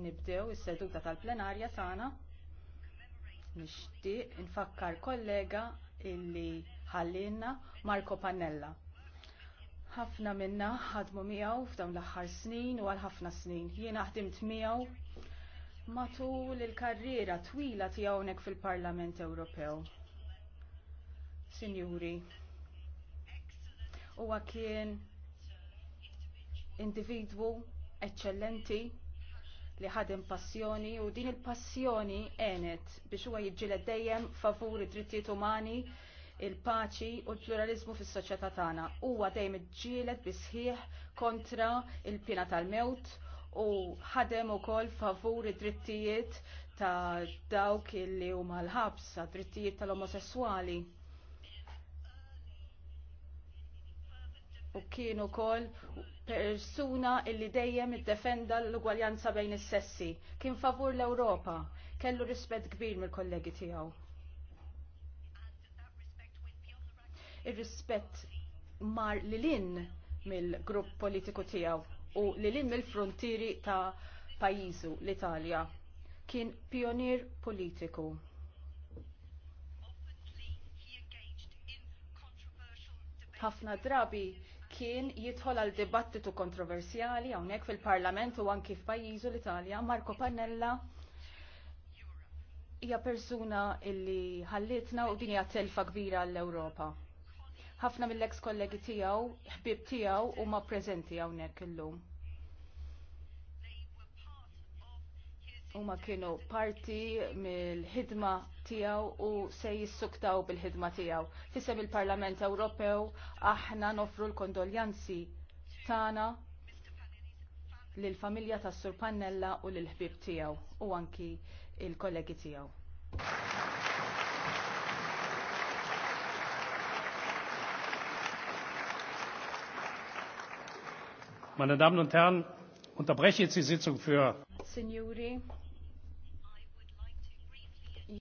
nibdew is-seduta tal-plenarja tagħna. Nixtieq nfakkar kollega illi ħallilna Marco Pannella. Ħafna minna ħadmu miegħu f'dawn l-aħħar snin u għal ħafna snin. Jiena ħdimt miegħu matul il-karriera twila tiegħu hawnhekk fil-Parlament Ewropew. Sinjuri, huwa kien individwu eċċellenti li ħadem passjoni u din il-passjoni għenet biex huwa jiġġieled dejjem favur id-drittijiet umani, il-paċi u l-pluralizmu fis-soċjetà tagħna. Huwa dejjem iġġieled bisħieħ kontra il-pina tal-mewt u ħadem ukoll favur id-drittijiet ta' dawk li huma l-ħabs, drittijiet tal-omosessuali. u kienu kol persuna illi dejjem iddefenda l-ugwaljanza bejn is-sessi. Kien favur l-Ewropa, kellu rispett kbir mill-kollegi tiegħu. Ir-rispett mar lilin mill-grupp politiku tiegħu u lilin mill-frontieri ta' pajizu l-Italja. Kien pionier politiku. ħafna drabi kien jidħol għal dibattitu kontroversjali hawnhekk fil-Parlament u anki f'pajjiżu l-Italja, Marco Pannella hija persuna illi ħallitna u din hija telfa kbira għall europa Ħafna mill-ex kollegi tiegħu, ħbib tiegħu huma preżenti hawnhekk illum. huma kienu parti mill-ħidma tiegħu u se jissuktaw bil-ħidma tiegħu. Fisem il-Parlament Ewropew aħna nofru l-kondoljanzi tagħna lill familja tas Sur Pannella u lill ħbib tiegħu u anki il-kollegi tiegħu. Meine Damen und Herren, unterbreche jetzt die Sitzung für Signori.